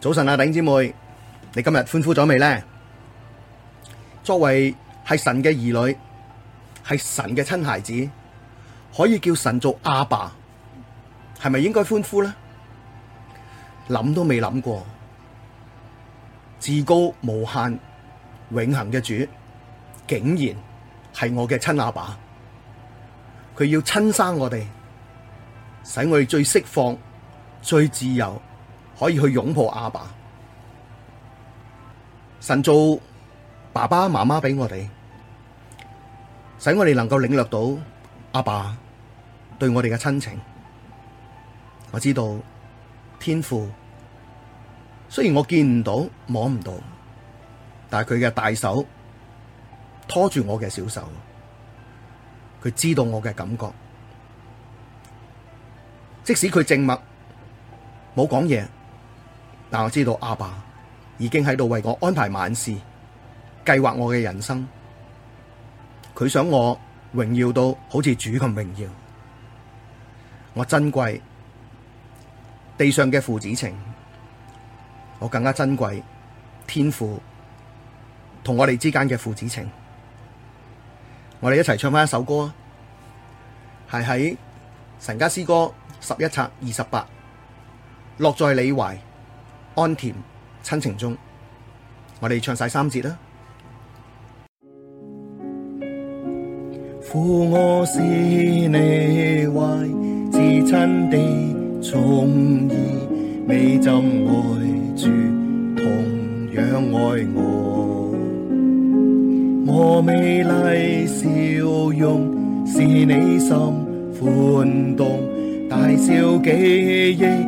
早晨啊，弟姐妹，你今日歡呼咗未呢？作為係神嘅兒女，係神嘅親孩子，可以叫神做阿爸，係咪應該歡呼呢？諗都未諗過，至高無限永恆嘅主，竟然係我嘅親阿爸，佢要親生我哋，使我哋最釋放、最自由。可以去擁抱阿爸，神做爸爸媽媽俾我哋，使我哋能夠領略到阿爸對我哋嘅親情。我知道天父雖然我見唔到、摸唔到，但係佢嘅大手拖住我嘅小手，佢知道我嘅感覺。即使佢靜默，冇講嘢。但我知道阿爸已經喺度為我安排萬事，計劃我嘅人生。佢想我榮耀到好似主咁榮耀。我珍貴地上嘅父子情，我更加珍貴天父同我哋之間嘅父子情。我哋一齊唱翻一首歌，係喺《神家詩歌》十一冊二十八，樂在你懷。安甜親情中，我哋唱晒三節啦。父，我是祢懷至親的寵兒，祢怎愛主，同樣愛我。我美麗笑容，使祢心歡動，大小記憶。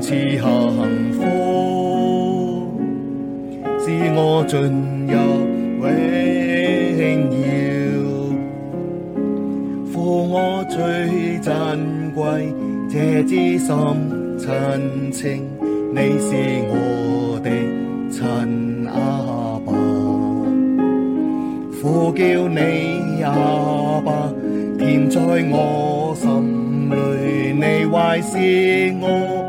賜下幸福，使我進入榮耀，父，我最珍貴這至深親情，你是我的親阿爸。呼叫你阿爸，甜在我心裡，你懷是我。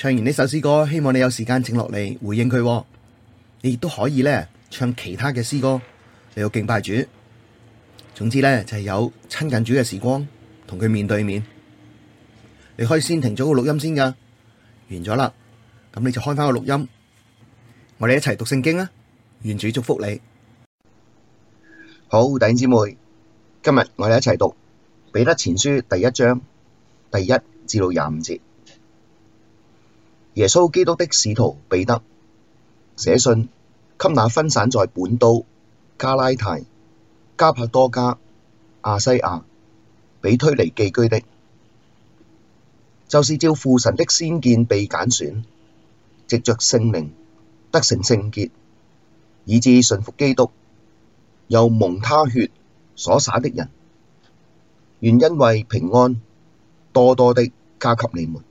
唱完呢首詩歌，希望你有時間靜落嚟回應佢。你亦都可以咧唱其他嘅詩歌嚟到敬拜主。總之咧就係有親近主嘅時光，同佢面對面。你可以先停咗個錄音先噶，完咗啦，咁你就開翻個錄音。我哋一齊讀聖經啊！願主祝福你。好弟兄姊妹，今日我哋一齊讀彼得前書第一章，第一章，第一至到廿五節。耶穌基督的使徒彼得寫信給那分散在本都、加拉太、加帕多家、亞西亞，庇推尼寄居的，就是照父神的先見被揀選、藉着聖靈得成聖潔，以致順服基督，又蒙他血所灑的人，願恩惠、平安多多的加給你們。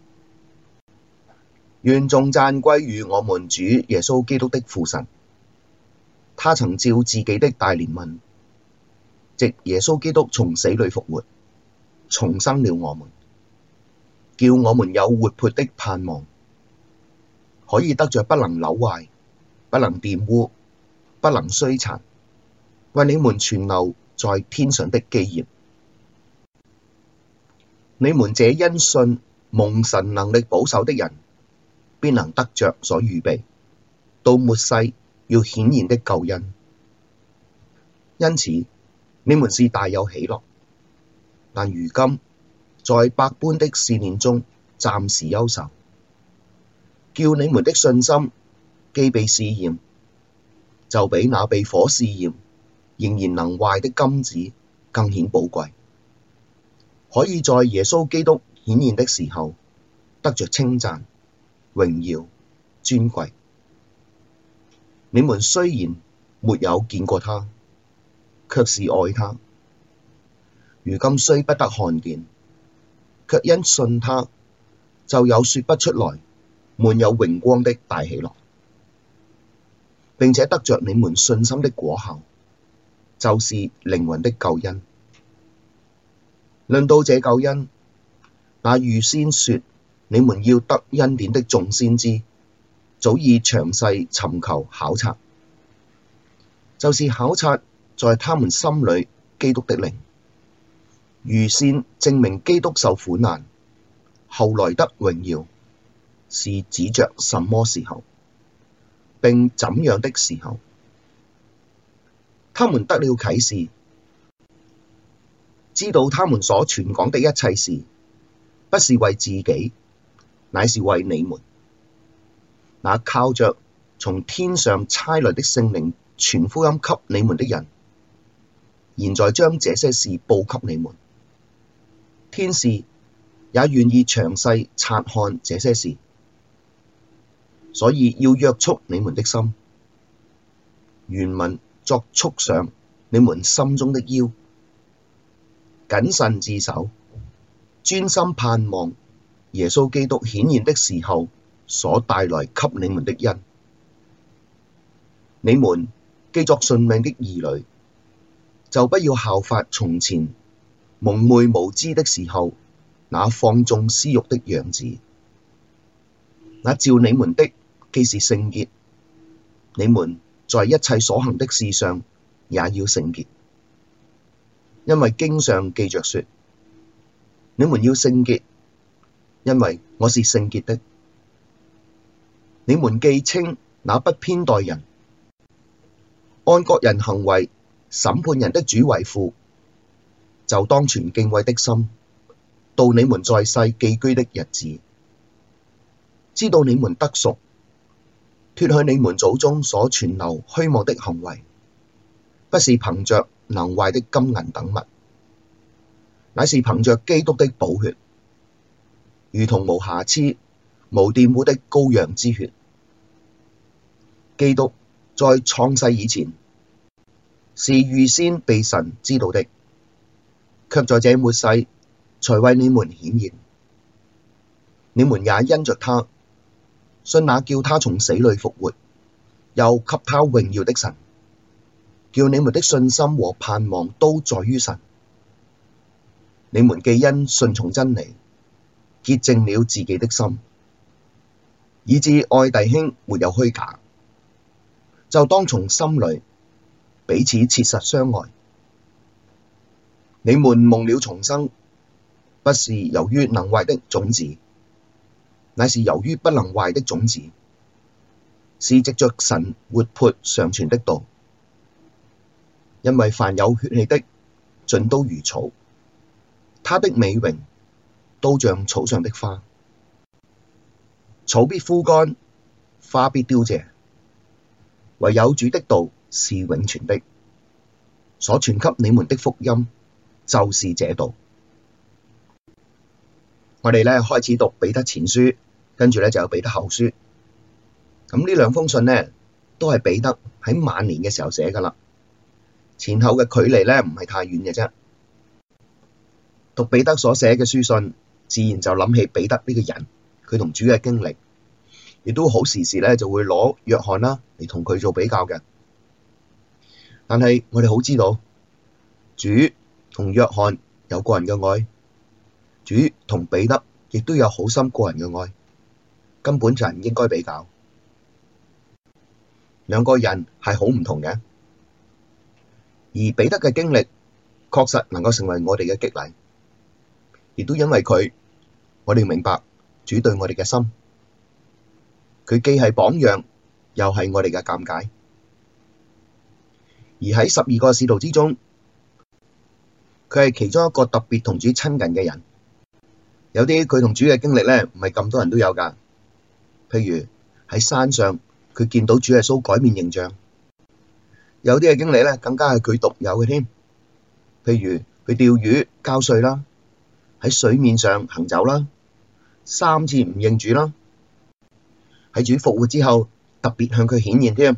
願頌讚歸與我們主耶穌基督的父神！他曾照自己的大憐憫，藉耶穌基督從死裡復活，重生了我們，叫我們有活潑的盼望，可以得着不能朽壞、不能玷污、不能衰殘，為你們存留在天上的基業。你們這因信蒙神能力保守的人，必能得着所預備，到末世要顯現的救恩。因此，你們是大有喜樂，但如今，在百般的試煉中暫時憂愁，叫你們的信心既被試驗，就比那被火試驗仍然能壞的金子更顯寶貴，可以在耶穌基督顯現的時候得着稱讚。榮耀、尊貴，你們雖然沒有見過他，卻是愛他。如今雖不得看見，卻因信他，就有說不出來、滿有榮光的大喜樂，並且得着你們信心的果效，就是靈魂的救恩。論到這救恩，那預先說你們要得恩典的眾先知，早已詳細尋求考察，就是考察在他們心裡基督的靈，預先證明基督受苦難，後來得榮耀，是指着什麼時候，並怎樣的時候。他們得了啟示，知道他們所傳講的一切事，不是為自己。乃是為你們，那靠着從天上差來的聖靈傳福音給你們的人，現在將這些事報給你們。天使也願意詳細察看這些事，所以要約束你們的心，原文作束上你們心中的腰，謹慎自守，專心盼望。耶穌基督顯現的時候所帶來給你們的恩，你們既作順命的兒女，就不要效法從前蒙昧無知的時候那放縱私欲的樣子。那召你們的既是聖潔，你們在一切所行的事上也要聖潔，因為經上記着說：你們要聖潔。因為我是聖潔的，你們既稱那不偏待人、按各人行為審判人的主為父，就當存敬畏的心，度你們在世寄居的日子，知道你們得贖，脫去你們祖宗所傳流虛妄的行為，不是憑着能壞的金銀等物，乃是憑着基督的寶血。如同無瑕疵、無玷污的羔羊之血。基督在創世以前是預先被神知道的，卻在這末世才為你們顯現。你們也因着他信那叫他從死裡復活、又給他榮耀的神，叫你們的信心和盼望都在於神。你們既因信從真理，潔淨了自己的心，以致愛弟兄沒有虛假，就當從心裏彼此切實相愛。你們蒙了重生，不是由於能壞的種子，乃是由於不能壞的種子，是藉着神活潑常存的道。因為凡有血氣的，盡都如草，他的美榮。都像草上的花，草必枯乾，花必凋謝。唯有主的道是永存的，所傳給你們的福音就是這道。我哋咧開始讀彼得前書，跟住咧就有彼得後書。咁呢兩封信呢，都係彼得喺晚年嘅時候寫㗎喇。前後嘅距離咧唔係太遠嘅啫。讀彼得所寫嘅書信。自然就諗起彼得呢個人，佢同主嘅經歷，亦都好時時咧就會攞約翰啦嚟同佢做比較嘅。但係我哋好知道，主同約翰有個人嘅愛，主同彼得亦都有好深個人嘅愛，根本就唔應該比較。兩個人係好唔同嘅，而彼得嘅經歷確實能夠成為我哋嘅激勵。亦都因為佢，我哋明白主對我哋嘅心。佢既係榜樣，又係我哋嘅鑑戒。而喺十二個使徒之中，佢係其中一個特別同主親近嘅人。有啲佢同主嘅經歷咧，唔係咁多人都有噶。譬如喺山上，佢見到主耶穌改變形象；有啲嘅經歷咧，更加係佢獨有嘅添。譬如佢釣魚、交稅啦。喺水面上行走啦，三次唔認主啦，喺主復活之後特別向佢顯現添，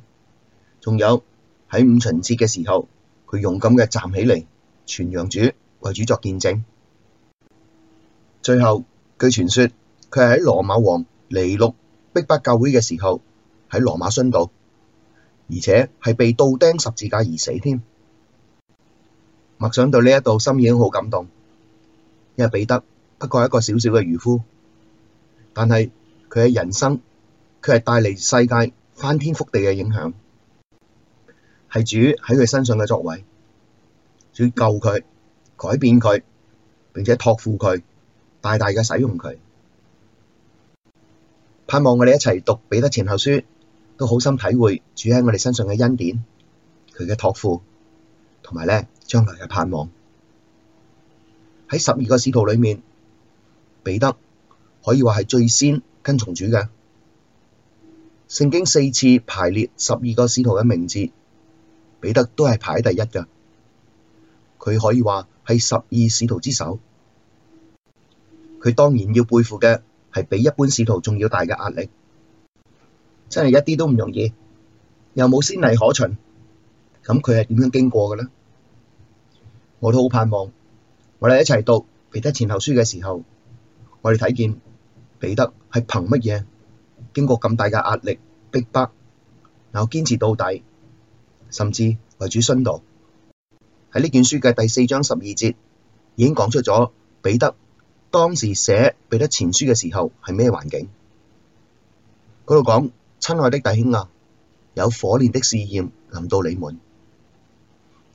仲有喺五旬節嘅時候，佢勇敢嘅站起嚟，傳揚主，為主作見證。最後據傳說佢係喺羅馬王尼祿逼迫教會嘅時候喺羅馬殉道，而且係被倒釘十字架而死添。默想到呢一度，心已經好感動。因為彼得不過一個小小嘅漁夫，喺十二個使徒裏面，彼得可以話係最先跟從主嘅。聖經四次排列十二個使徒嘅名字，彼得都係排第一嘅。佢可以話係十二使徒之首，佢當然要背負嘅係比一般使徒仲要大嘅壓力，真係一啲都唔容易，又冇先例可循，咁佢係點樣經過嘅呢？我都好盼望。我哋一齊讀彼得前後書嘅時候，我哋睇見彼得係憑乜嘢經過咁大嘅壓力逼迫，然後堅持到底，甚至為主殉道。喺呢卷書嘅第四章十二節已經講出咗彼得當時寫彼得前書嘅時候係咩環境。嗰度講，親愛的弟兄啊，有火煉的試驗臨到你們，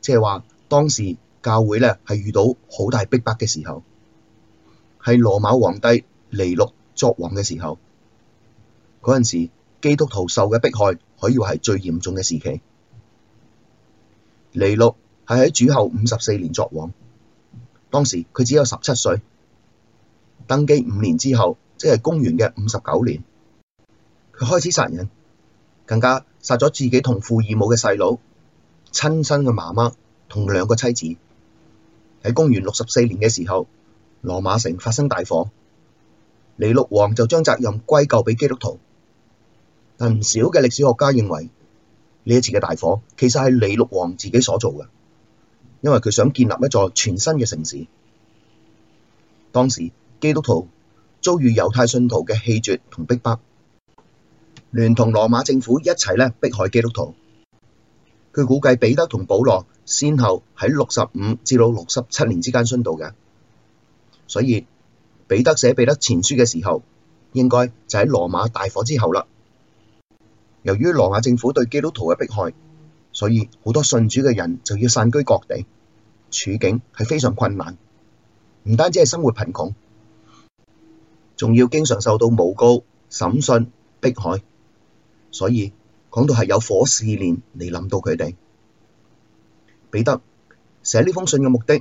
即係話當時。教會咧係遇到好大逼迫嘅時候，係羅馬皇帝尼禄作王嘅時候，嗰陣時基督徒受嘅迫害可以話係最嚴重嘅時期。尼禄係喺主後五十四年作王，當時佢只有十七歲，登基五年之後，即係公元嘅五十九年，佢開始殺人，更加殺咗自己同父異母嘅細佬、親生嘅媽媽同兩個妻子。喺公元六十四年嘅時候，羅馬城發生大火，尼祿王就將責任歸咎俾基督徒。但唔少嘅歷史學家認為，呢一次嘅大火其實係尼祿王自己所做嘅，因為佢想建立一座全新嘅城市。當時基督徒遭遇猶太信徒嘅棄絕同逼迫，迫，聯同羅馬政府一齊呢迫害基督徒。佢估計彼得同保羅先後喺六十五至到六十七年之間殉道嘅，所以彼得寫彼得前書嘅時候，應該就喺羅馬大火之後啦。由於羅馬政府對基督徒嘅迫害，所以好多信主嘅人就要散居各地，處境係非常困難，唔單止係生活貧窮，仲要經常受到誣告、審訊、迫害，所以。講到係有火試煉，嚟諗到佢哋，彼得寫呢封信嘅目的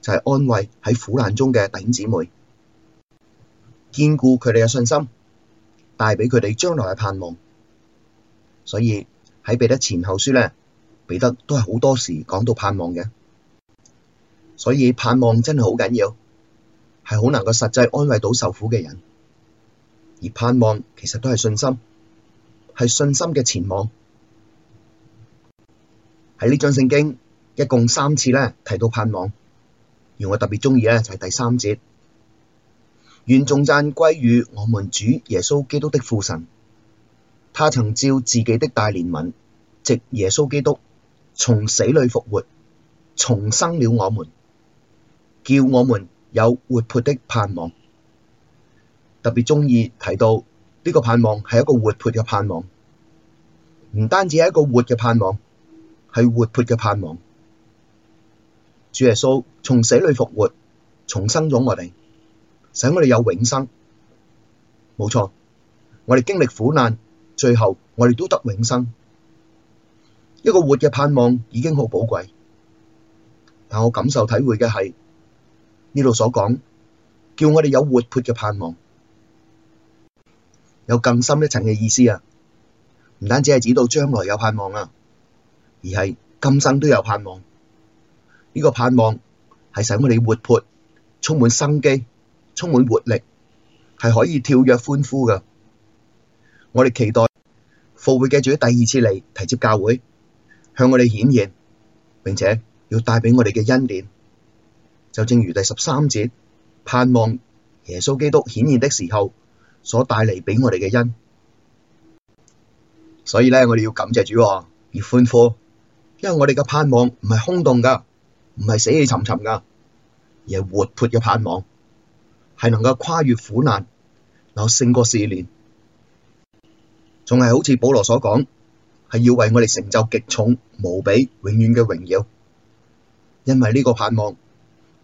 就係、是、安慰喺苦難中嘅弟兄姊妹，堅固佢哋嘅信心，帶畀佢哋將來嘅盼望。所以喺彼得前後書咧，彼得都係好多時講到盼望嘅，所以盼望真係好緊要，係好能夠實際安慰到受苦嘅人，而盼望其實都係信心。係信心嘅前往。喺呢章聖經一共三次咧提到盼望，而我特別鍾意咧就係第三節，願頌讚歸於我們主耶穌基督的父神，他曾照自己的大憐憫，藉耶穌基督從死裏復活，重生了我們，叫我們有活潑的盼望。特別鍾意提到。呢個盼望係一個活潑嘅盼望，唔單止係一個活嘅盼望，係活潑嘅盼望。主耶穌從死裡復活，重生咗我哋，使我哋有永生。冇錯，我哋經歷苦難，最後我哋都得永生。一個活嘅盼望已經好寶貴，但我感受體會嘅係呢度所講，叫我哋有活潑嘅盼望。有更深一層嘅意思啊！唔單止係指到將來有盼望啊，而係今生都有盼望。呢個盼望係使我哋活潑、充滿生機、充滿活力，係可以跳躍歡呼噶。我哋期待父會記住喺第二次嚟，提接教會，向我哋顯現，並且要帶畀我哋嘅恩典。就正如第十三節，盼望耶穌基督顯現的時候。所帶嚟畀我哋嘅恩，所以咧，我哋要感謝主，而歡呼，因為我哋嘅盼望唔係空洞噶，唔係死氣沉沉噶，而係活潑嘅盼望，係能夠跨越苦難，能勝過試煉。仲係好似保羅所講，係要為我哋成就極重無比永遠嘅榮耀，因為呢個盼望，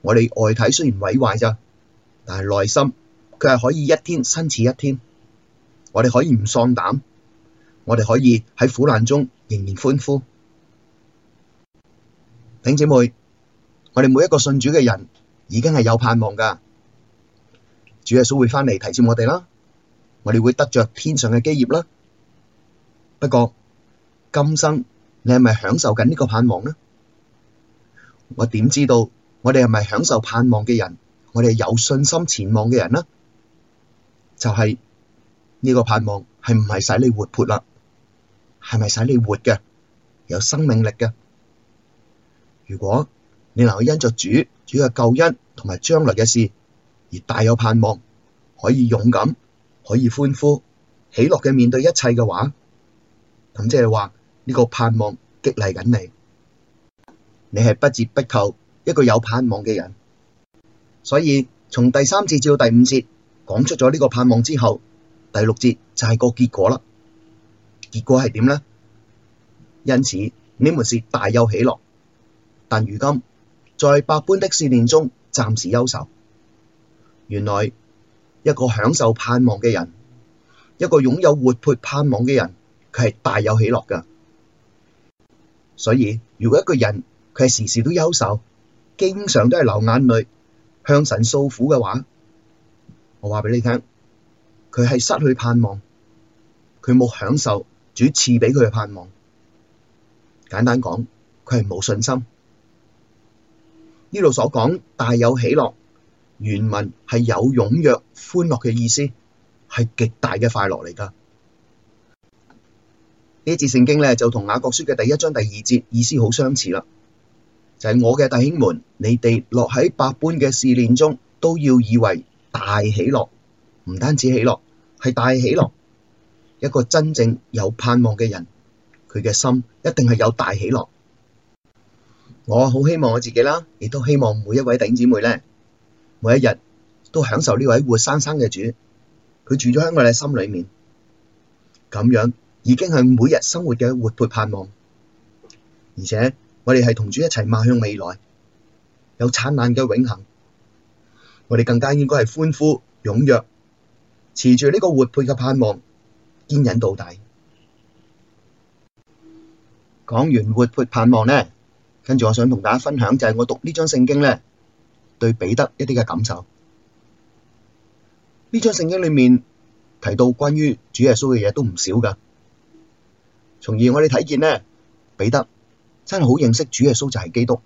我哋外體雖然毀壞咋，但係內心。佢係可以一天新似一天，我哋可以唔喪膽，我哋可以喺苦難中仍然歡呼。弟姊妹，我哋每一個信主嘅人已經係有盼望噶，主耶穌會翻嚟提前我哋啦，我哋會得着天上嘅基業啦。不過今生你係咪享受緊呢個盼望呢？我點知道我哋係咪享受盼望嘅人？我哋有信心前往嘅人呢？就係呢個盼望係唔係使你活潑啦？係咪使你活嘅？有生命力嘅？如果你能夠因着主、主嘅救恩同埋將來嘅事而大有盼望，可以勇敢，可以歡呼，喜樂嘅面對一切嘅話，咁即係話呢個盼望激勵緊你，你係不折不扣一個有盼望嘅人。所以從第三節至到第五節。講出咗呢個盼望之後，第六節就係個結果啦。結果係點咧？因此你們是大有喜樂，但如今在百般的試煉中暫時憂愁。原來一個享受盼望嘅人，一個擁有活潑盼望嘅人，佢係大有喜樂噶。所以如果一個人佢係時時都憂愁，經常都係流眼淚向神訴苦嘅話，我話畀你聽，佢係失去盼望，佢冇享受主賜畀佢嘅盼望。簡單講，佢係冇信心。呢度所講大有喜樂，原文係有踴躍歡樂嘅意思，係極大嘅快樂嚟噶。呢節聖經咧就同雅各書嘅第一章第二節意思好相似啦，就係、是、我嘅弟兄們，你哋落喺百般嘅試煉中，都要以為。大喜樂，唔單止喜樂，係大喜樂。一個真正有盼望嘅人，佢嘅心一定係有大喜樂。我好希望我自己啦，亦都希望每一位弟兄姊妹咧，每一日都享受呢位活生生嘅主，佢住咗喺我哋心裏面，咁樣已經係每日生活嘅活潑盼望。而且我哋係同主一齊邁向未來，有燦爛嘅永恆。我哋更加應該係歡呼、踴躍，持住呢個活潑嘅盼望，堅忍到底。講完活潑盼望咧，跟住我想同大家分享就係我讀呢章聖經咧，對彼得一啲嘅感受。呢章聖經裡面提到關於主耶穌嘅嘢都唔少噶，從而我哋睇見咧，彼得真係好認識主耶穌就係基督，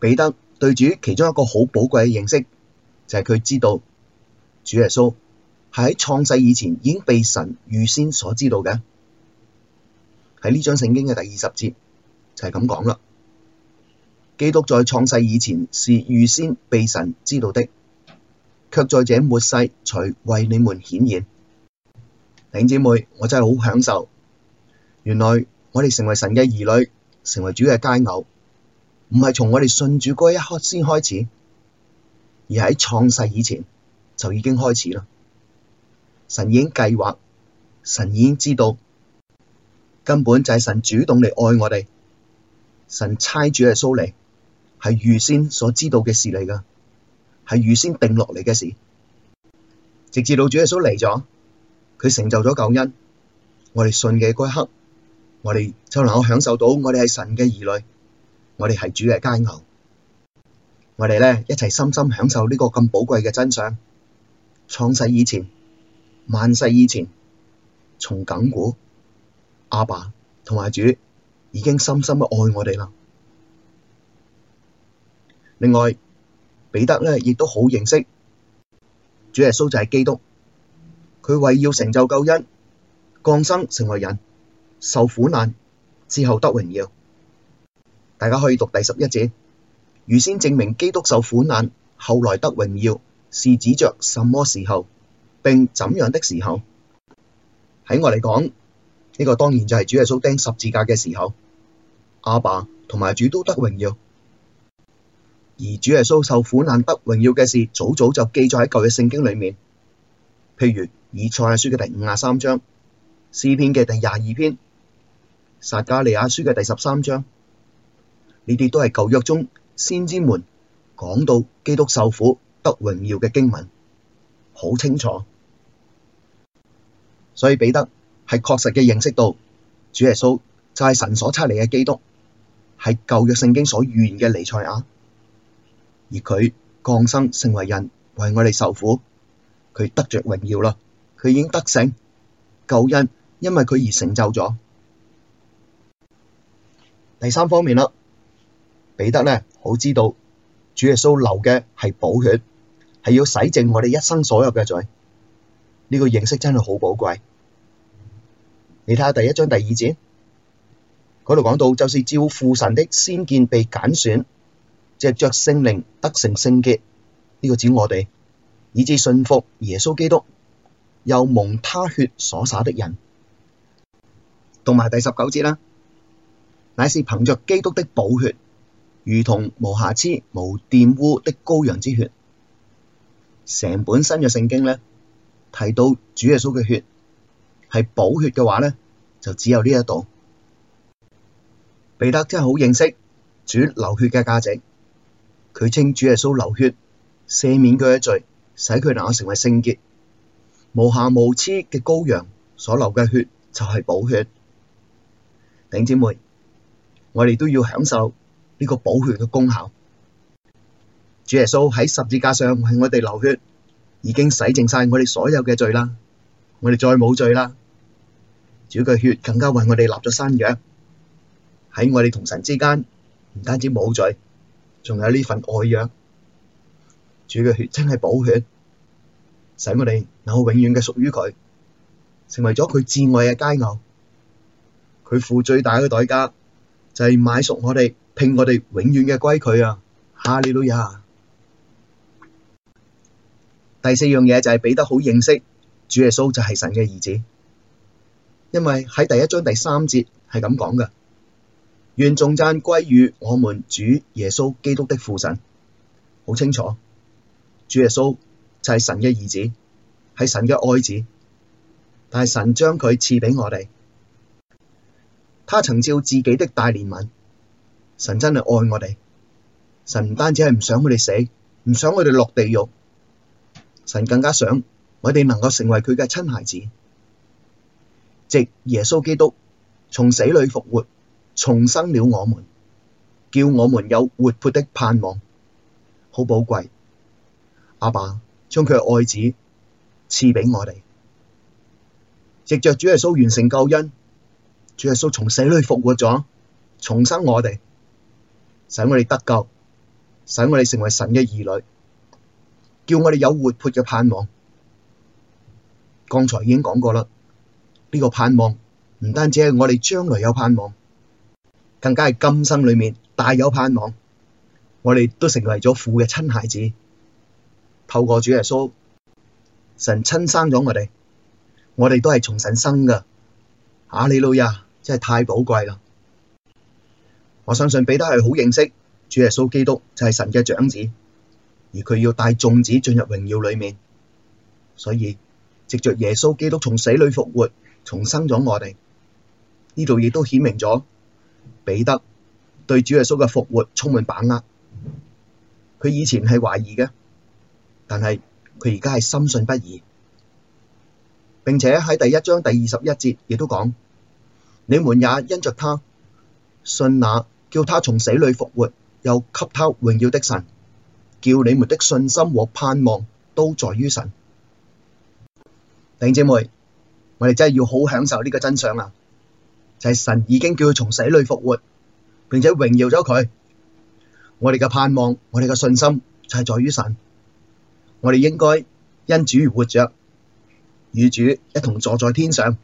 彼得。對主其中一個好寶貴嘅認識，就係佢知道主耶穌係喺創世以前已經被神預先所知道嘅。喺呢章聖經嘅第二十節就係咁講啦。基督在創世以前是預先被神知道的，卻在這末世才為你們顯現。弟兄姐妹，我真係好享受，原來我哋成為神嘅兒女，成為主嘅佳偶。唔係從我哋信主嗰一刻先開始，而喺創世以前就已經開始啦。神已經計劃，神已經知道，根本就係神主動嚟愛我哋。神差主耶穌嚟，係預先所知道嘅事嚟噶，係預先定落嚟嘅事。直至到主耶穌嚟咗，佢成就咗救恩，我哋信嘅嗰一刻，我哋就能夠享受到我哋係神嘅兒女。我哋係主嘅佳偶，我哋咧一齊深深享受呢個咁寶貴嘅真相。創世以前、萬世以前，從亙古阿爸同埋主已經深深嘅愛我哋啦。另外，彼得咧亦都好認識主耶穌就係基督，佢為要成就救恩，降生成為人，受苦難之後得榮耀。大家可以讀第十一節，預先證明基督受苦難，後來得榮耀，是指着什麼時候，並怎樣的時候？喺我嚟講，呢個當然就係主耶穌釘十字架嘅時候，阿爸同埋主都得榮耀。而主耶穌受苦難得榮耀嘅事，早早就記載喺舊嘅聖經裏面，譬如以賽亞書嘅第五十三章、詩篇嘅第二十二篇、撒迦利亞書嘅第十三章。呢啲都係舊約中先知們講到基督受苦得榮耀嘅經文，好清楚。所以彼得係確實嘅認識到主耶穌就係神所差嚟嘅基督，係舊約聖經所預言嘅彌賽亞。而佢降生成為人為我哋受苦，佢得著榮耀啦。佢已經得勝救恩，因為佢而成就咗。第三方面啦。彼得呢好知道主耶穌流嘅係寶血，係要洗淨我哋一生所有嘅罪。呢、這個認識真係好寶貴。你睇下第一章第二節，嗰度講到，就是照父神的先見被揀選，藉着聖靈得成聖潔。呢、這個指我哋，以致信服耶穌基督，又蒙他血所灑的人。同埋第十九節啦，乃是憑着基督的寶血。如同無瑕疵、無玷污的羔羊之血，整本新約聖經呢提到主耶穌嘅血係寶血嘅話呢就只有呢一度，彼得真係好認識主流血嘅價值。佢稱主耶穌流血赦免佢嘅罪，使佢能夠成為聖潔。無瑕無疵嘅羔羊所流嘅血就係寶血。頂姐妹，我哋都要享受。呢個寶血嘅功效，主耶穌喺十字架上為我哋流血，已經洗淨晒我哋所有嘅罪啦，我哋再冇罪啦。主嘅血更加為我哋立咗新約，喺我哋同神之間，唔單止冇罪，仲有呢份愛約。主嘅血真係寶血，使我哋能永遠嘅屬於佢，成為咗佢至愛嘅佳偶。佢付最大嘅代價就，就係買贖我哋。請我哋永遠嘅歸佢啊！哈利路亞。第四樣嘢就係彼得好認識，主耶穌就係神嘅兒子，因為喺第一章第三節係咁講嘅，願頌讚歸於我們主耶穌基督的父神，好清楚，主耶穌就係神嘅兒子，係神嘅愛子，但係神將佢賜俾我哋，他曾照自己的大憐憫。神真係愛我哋，神唔單止係唔想我哋死，唔想我哋落地獄，神更加想我哋能夠成為佢嘅親孩子，藉耶穌基督從死裡復活，重生了我們，叫我們有活潑的盼望，好寶貴。阿爸將佢嘅愛子賜畀我哋，藉着主耶穌完成救恩，主耶穌從死裡復活咗，重生我哋。使我哋得救，使我哋成為神嘅兒女，叫我哋有活潑嘅盼望。剛才已經講過啦，呢個盼望唔單止係我哋將來有盼望，更加係今生裏面大有盼望。我哋都成為咗父嘅親孩子，透過主耶穌，神親生咗我哋，我哋都係從神生㗎。阿利路亞，真係太寶貴啦！我相信彼得係好認識主耶穌基督，就係神嘅長子，而佢要帶眾子進入榮耀裡面。所以藉着耶穌基督從死裡復活，重生咗我哋，呢度亦都顯明咗彼得對主耶穌嘅復活充滿把握。佢以前係懷疑嘅，但係佢而家係深信不疑，並且喺第一章第二十一節亦都講：你們也因着他信那。叫他從死裡復活，又給他榮耀的神。叫你們的信心和盼望都在於神。弟兄姊妹，我哋真係要好享受呢個真相啊！就係、是、神已經叫佢從死裡復活，並且榮耀咗佢。我哋嘅盼望，我哋嘅信心就係在於神。我哋應該因主而活着，與主一同坐在天上，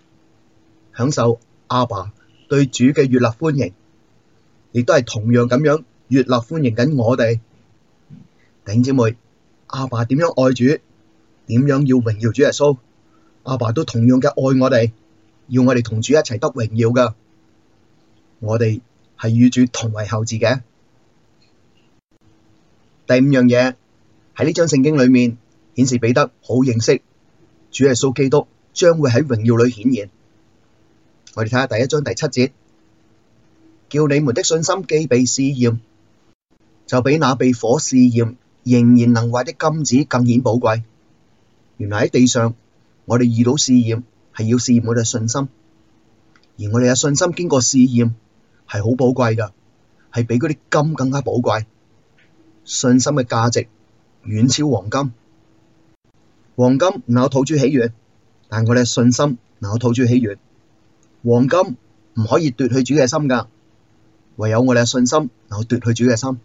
享受阿爸對主嘅熱辣歡迎。亦都係同樣咁樣熱烈歡迎緊我哋，頂姐妹，阿爸點樣愛主，點樣要榮耀主耶穌，阿爸都同樣嘅愛我哋，要我哋同主一齊得榮耀噶，我哋係與主同為後嗣嘅。第五樣嘢喺呢章聖經裏面顯示彼得好認識主耶穌基督將會喺榮耀裏顯現。我哋睇下第一章第七節。叫你們的信心既被試驗，就比那被火試驗仍然能壞的金子更顯寶貴。原來喺地上，我哋遇到試驗係要試驗我哋嘅信心，而我哋嘅信心經過試驗係好寶貴噶，係比嗰啲金更加寶貴。信心嘅價值遠超黃金。黃金唔係我土主起源，但我哋嘅信心唔係我土主起源。黃金唔可以奪去主嘅心噶。唯有我哋嘅信心能夠奪去主嘅心，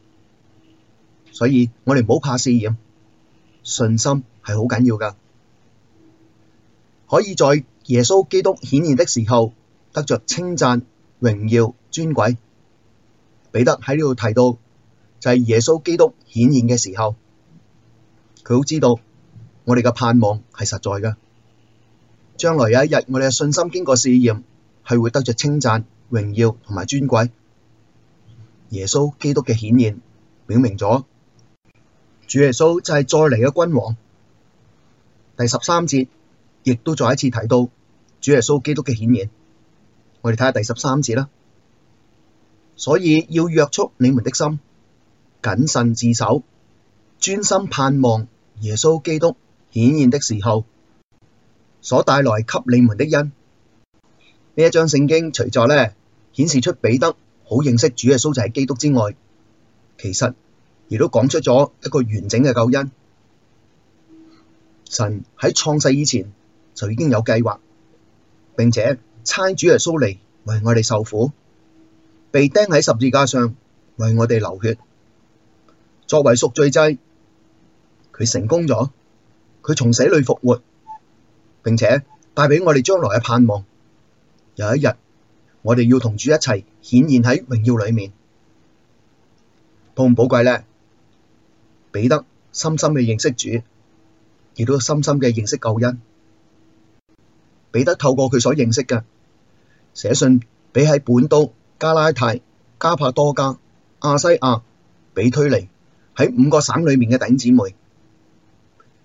所以我哋唔好怕試驗，信心係好緊要㗎，可以在耶穌基督顯現的時候得着稱讚、榮耀、尊貴。彼得喺呢度提到，就係耶穌基督顯現嘅時候，佢都知道我哋嘅盼望係實在嘅，將來有一日我哋嘅信心經過試驗，係會得着稱讚、榮耀同埋尊貴。耶穌基督嘅顯現，表明咗主耶穌就係再嚟嘅君王。第十三節亦都再一次提到主耶穌基督嘅顯現。我哋睇下第十三節啦。所以要約束你們的心，謹慎自守，專心盼望耶穌基督顯現的時候所帶來給你們的恩。呢一章聖經隨著呢，顯示出彼得。好認識主耶穌就係基督之外，其實亦都講出咗一個完整嘅救恩。神喺創世以前就已經有計劃，並且差主耶穌嚟為我哋受苦，被釘喺十字架上為我哋流血，作為贖罪祭，佢成功咗，佢從死裡復活，並且帶俾我哋將來嘅盼望，有一日。我哋要同主一齊顯現喺榮耀裏面，寶唔寶貴咧？彼得深深嘅認識主，亦都深深嘅認識救恩。彼得透過佢所認識嘅，寫信俾喺本都、加拉太、加帕多家、亞西亞、庇推尼喺五個省裏面嘅弟兄姊妹。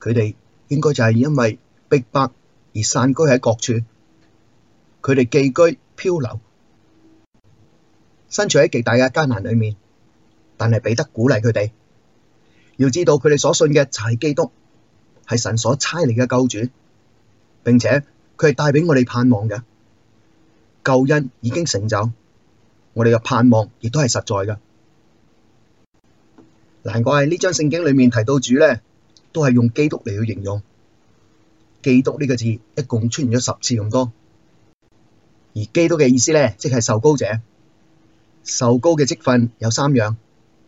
佢哋應該就係因為逼迫而散居喺各處，佢哋寄居漂流。身處喺極大嘅艱難裏面，但係彼得鼓勵佢哋，要知道佢哋所信嘅就係基督，係神所差嚟嘅救主，並且佢係帶畀我哋盼望嘅。救恩已經成就，我哋嘅盼望亦都係實在嘅。難怪呢張聖經裏面提到主咧，都係用基督嚟去形容，基督呢個字，一共出現咗十次咁多，而基督嘅意思咧，即係受膏者。受膏嘅職份有三樣，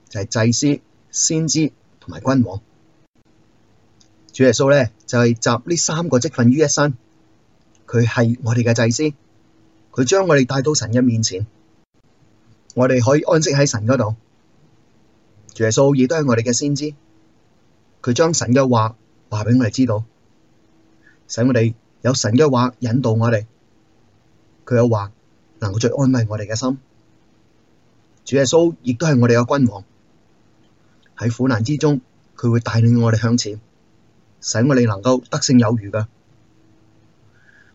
就係祭司、先知同埋君王。主耶穌咧就係集呢三個職份於一身。佢係我哋嘅祭司，佢將我哋帶到神嘅面前，我哋可以安息喺神嗰度。主耶穌亦都係我哋嘅先知，佢將神嘅話話畀我哋知道，使我哋有神嘅話引導我哋。佢又話能夠最安慰我哋嘅心。主耶穌亦都係我哋嘅君王，喺苦難之中，佢會帶領我哋向前，使我哋能夠得勝有餘嘅，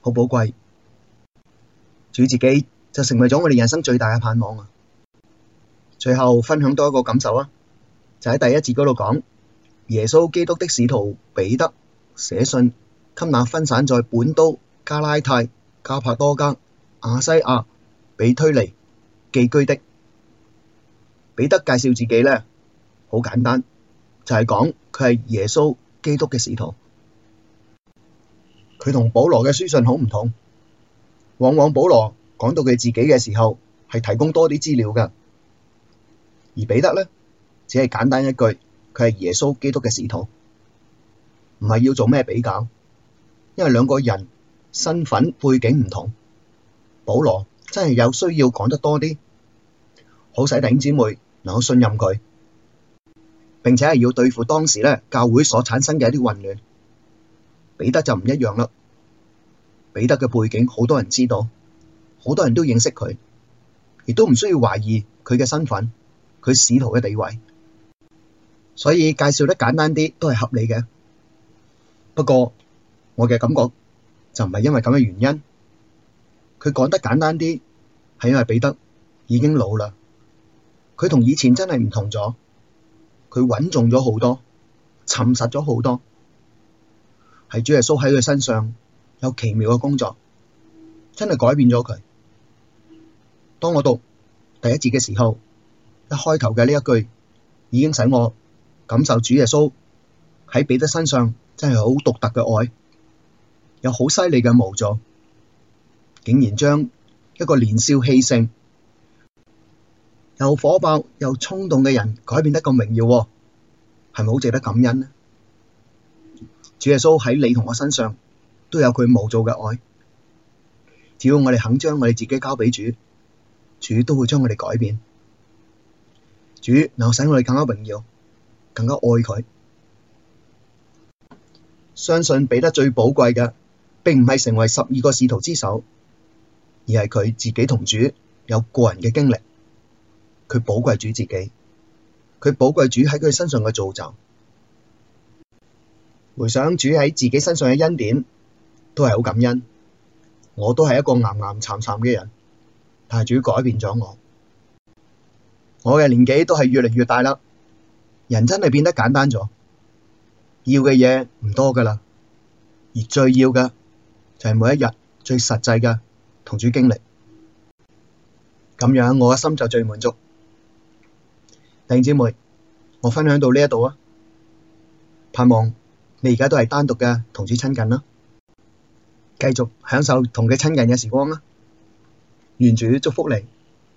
好寶貴。主自己就成為咗我哋人生最大嘅盼望啊！最後分享多一個感受啊，就喺第一節嗰度講，耶穌基督的使徒彼得寫信給那分散在本都、加拉太、加帕多家、亞西亞、庇推尼寄居的。彼得介紹自己咧，好簡單，就係講佢係耶穌基督嘅使徒。佢同保羅嘅書信好唔同，往往保羅講到佢自己嘅時候，係提供多啲資料噶，而彼得咧只係簡單一句，佢係耶穌基督嘅使徒，唔係要做咩比較，因為兩個人身份背景唔同，保羅真係有需要講得多啲，好使弟兄姊妹。嗱，我信任佢，並且係要對付當時咧教會所產生嘅一啲混亂。彼得就唔一樣啦，彼得嘅背景好多人知道，好多人都認識佢，亦都唔需要懷疑佢嘅身份，佢使徒嘅地位。所以介紹得簡單啲都係合理嘅。不過我嘅感覺就唔係因為咁嘅原因，佢講得簡單啲係因為彼得已經老啦。佢同以前真係唔同咗，佢穩重咗好多，沉實咗好多，係主耶穌喺佢身上有奇妙嘅工作，真係改變咗佢。當我讀第一節嘅時候，一開頭嘅呢一句已經使我感受主耶穌喺彼得身上真係好獨特嘅愛，有好犀利嘅無助，竟然將一個年少氣盛。又火爆又衝動嘅人，改變得咁榮耀，係咪好值得感恩咧？主耶穌喺你同我身上都有佢無做嘅愛，只要我哋肯將我哋自己交俾主，主都會將我哋改變，主能使我哋更加榮耀，更加愛佢。相信彼得最寶貴嘅，並唔係成為十二個使徒之首，而係佢自己同主有個人嘅經歷。佢寶貴主自己，佢寶貴主喺佢身上嘅造就，回想主喺自己身上嘅恩典，都係好感恩。我都係一個岩岩巉巉嘅人，但係主改變咗我。我嘅年紀都係越嚟越大啦，人真係變得簡單咗，要嘅嘢唔多噶啦，而最要嘅就係每一日最實際嘅同主經歷。咁樣我嘅心就最滿足。弟兄姊妹，我分享到呢一度啊！盼望你而家都係單獨嘅同主親近啦，繼續享受同佢親近嘅時光啦，願主祝福你。